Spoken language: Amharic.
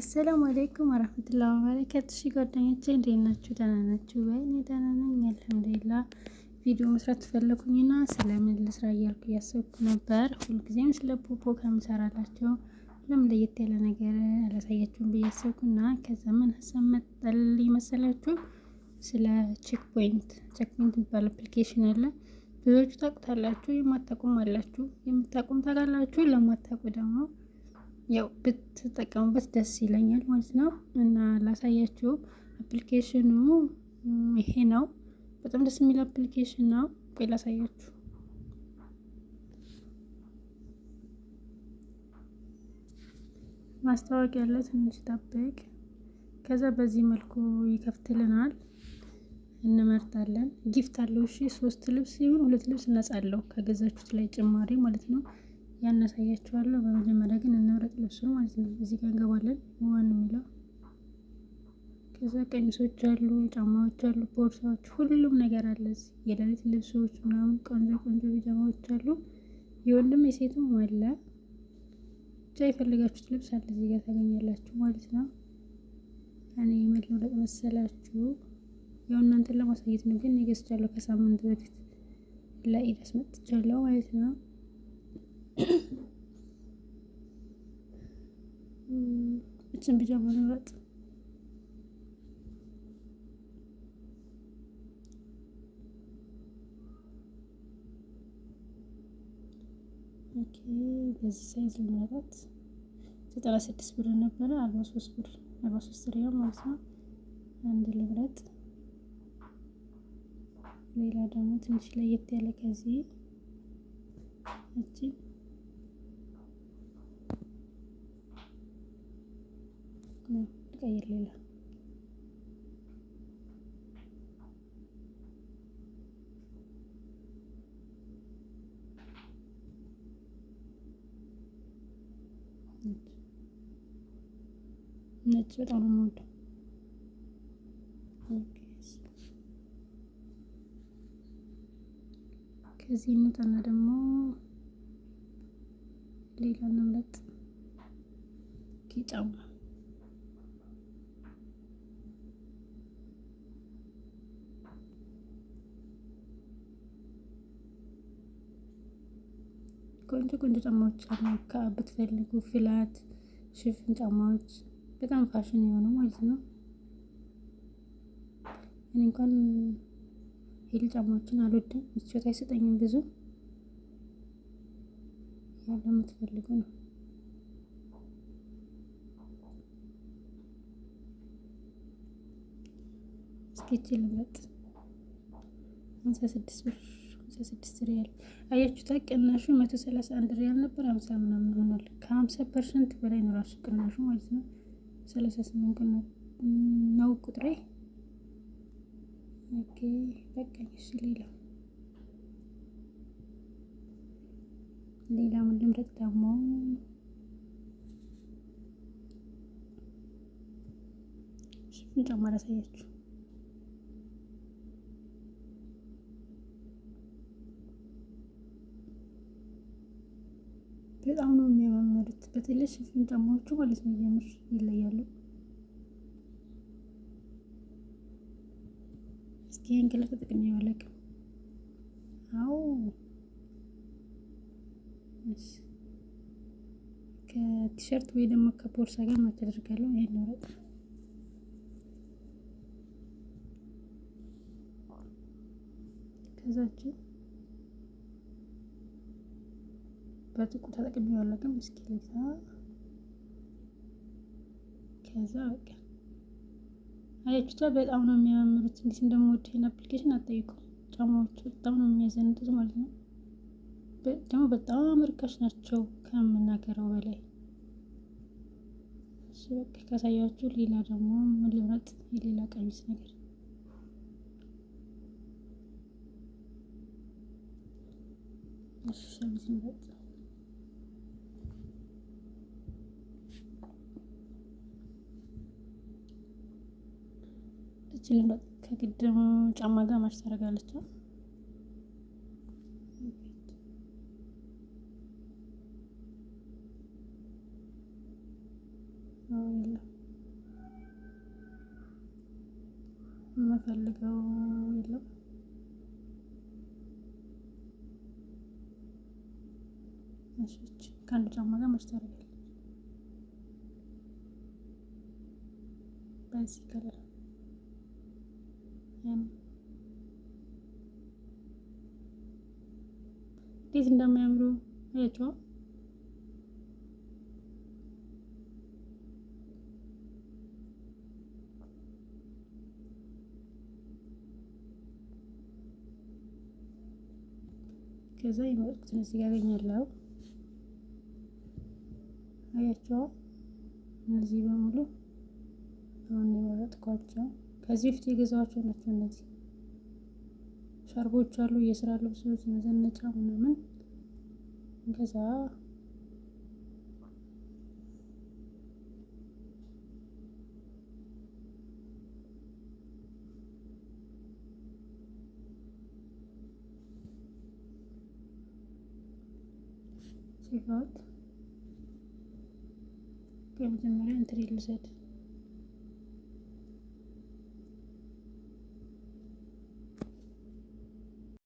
አሰላሙ አለይኩም ወረህመቱላሂ ወበረካቱ። እሺ ጓደኞቼ እንዴት ናችሁ? ደህና ናችሁ ወይ? እኔ ደህና ነኝ አልሐምዱሊላህ። ቪዲዮ መስራት ፈለኩኝና ስለምን ልስራ እያልኩ እያሰብኩ ነበር። ሁልጊዜም ስለ ፖፖ ከምሰራላቸው ለምን ለየት ያለ ነገር አላሳያችሁም ብዬ አሰብኩና ከዛ ምን ሀሳብ መጣልኝ መሰላችሁ? ስለ ቼክ ፖይንት ቼክ ፖይንት የሚባል አፕሊኬሽን አለ። ብዙዎቹ ታውቁታላችሁ፣ የማታውቁም አላችሁ። የምታውቁም ታውቃላችሁ፣ ለማታውቁ ደግሞ ያው ብትጠቀሙበት ደስ ይለኛል ማለት ነው። እና ላሳያችሁ አፕሊኬሽኑ ይሄ ነው። በጣም ደስ የሚል አፕሊኬሽን ነው። ቆይ ላሳያችሁ። ማስታወቂያ ያለ ትንሽ ጠብቅ። ከዛ በዚህ መልኩ ይከፍትልናል። እንመርጣለን። ጊፍት አለው። እሺ ሶስት ልብስ ይሁን ሁለት ልብስ ነጻ አለው ከገዛችሁት ላይ ጭማሪ ማለት ነው። ያን በመጀመሪያ ግን እንምረጥ ልብሱን ማለት ነው። እዚህ ጋር እንገባለን ዋን የሚለው ከዛ ቀሚሶች አሉ፣ ጫማዎች አሉ፣ ቦርሳዎች፣ ሁሉም ነገር አለ። እዚህ የሌሊት ልብሶች ምናምን ቆንጆ ቆንጆ ቢጃማዎች አሉ። የወንድም የሴትም አለ። ብቻ የፈለጋችሁት ልብስ አለ እዚህ ጋር ታገኛላችሁ ማለት ነው። እኔ መለምረጥ መሰላችሁ ያው እናንተን ለማሳየት ነው። ግን የገዝቻለሁ ከሳምንት በፊት ለኢድ አስመጥቻለሁ ማለት ነው። እችን ቢጃ መመረጥ በዚህ ሳይዝ መረጥ ዘጠና ስድስት ብር ነበረ አርባ ሶስት ብር አርባ ሶስት ሪያል ማለት ነው። አንድ ልብረት ሌላ ደግሞ ትንሽ ለየት ያለ ከዚህ እጅግ ነው ልቀይር ሌላ ነጭ በጣም ነው የምወደው። ከዚህ እንውጣና ደግሞ ሌላ እንምረጥ ጌጫማ ቆንጆ ቆንጆ ጫማዎች ጫማ ብትፈልጉ ፍላት ሽፍን ጫማዎች በጣም ፋሽን የሆኑ ማለት ነው። እኔ እንኳን ሂል ጫማዎችን አልወድም፣ ምቾት አይሰጠኝም። ብዙ ያለ የምትፈልጉ ነው። እስኪ ልምረጥ ሃምሳ ስድስት ብር 136 ሪያል አያችሁታ። ቅናሹ 131 ሪያል ነበር 50 ምናምን ሆኗል። ከ50 ፐርሰንት በላይ ነው ራሱ ቅናሹ ማለት ነው። 38 ቀን ነው ቁጥሬ። ኦኬ በቃኝ። እሺ ሌላ ሌላ ምን ልምረጥ ደግሞ ሽፍን ላሳያችሁ። በጣም ነው የሚያማምሩት። በተለይ ሽፍን ጫማዎቹ ማለት ነው የምር ይለያሉ። እስኪ እንግላ ተጠቅሜ ያለቅ አዎ ከቲሸርት ወይ ደግሞ ከቦርሳ ጋር ማተደርጋለሁ ይሄን ወረቅ ከዛችን በጥቁ ተጠቅሜዋለሁ ግን እስኪ ከዛ በቃ አያችሁታ። በጣም ነው የሚያምሩት። እንዴት እንደምወድ ይሄን አፕሊኬሽን አጠይቁ። ጫማዎቹ በጣም ነው የሚያዘንጡት ማለት ነው። ደግሞ በጣም ርካሽ ናቸው ከምናገረው በላይ። እሺ በቃ ካሳያችሁ ሌላ ደግሞ ምን ልምረጥ? የሌላ ቀሚስ ነገር እሺ ልምረጥ አልችልም። በቃ ከግድ ጫማ ጋር ማች ታደርጋለች። የምፈልገው የለም። እሺ ከአንዱ ጫማ ጋር ማች ታደርጋለች በዚህ ከለር እንዴት እንደማያምሩ አያችኋ። ከዛ የመረጥኩትን እዚህ ጋር አገኛለሁ። እነዚህ በሙሉ አሁን የመረጥኳቸው ከዚህ በፊት የገዛኋቸው ናቸው። እነዚህ ሻርቦች አሉ፣ የስራ ልብሶች፣ መዘነጫ ምናምን ገዛ ሲባት ከመጀመሪያ እንትሪ ልውሰድ